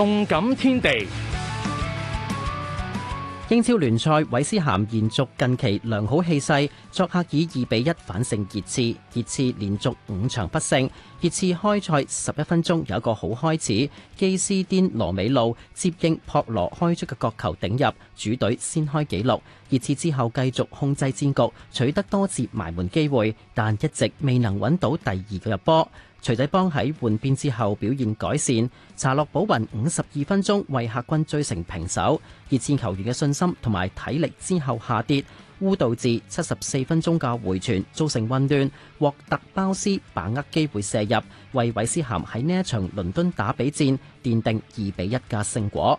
動感天地，英超聯賽，韋斯咸延續近期良好氣勢，作客以二比一反勝熱刺。熱刺連續五場不勝，熱刺開賽十一分鐘有一個好開始，基斯甸羅美路接應樸羅開出嘅角球頂入，主隊先開紀錄。熱刺之後繼續控制戰局，取得多次埋門機會，但一直未能揾到第二個入波。鎚仔幫喺換邊之後表現改善，查洛保雲五十二分鐘為客軍追成平手，熱刺球員嘅信心同埋體力之後下跌，污導致七十四分鐘嘅回傳造成混亂，獲特包斯把握機會射入，為韋斯咸喺呢一場倫敦打比戰奠定二比一嘅勝果。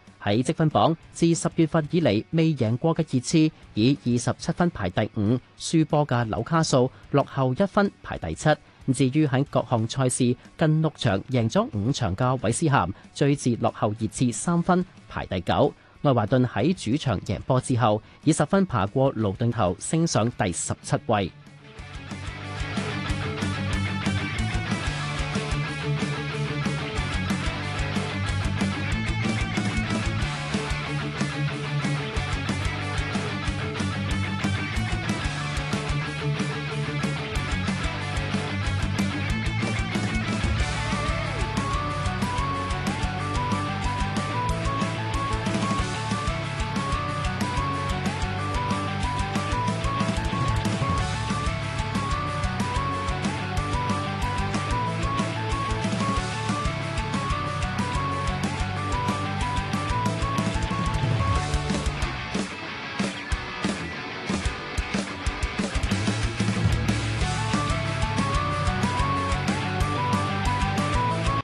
喺積分榜自十月份以嚟未贏過嘅熱刺，以二十七分排第五，輸波嘅紐卡素落後一分排第七。至於喺各項賽事近六場贏咗五場嘅韋斯咸，最至落後熱刺三分排第九。愛華頓喺主場贏波之後，以十分爬過盧頓後，升上第十七位。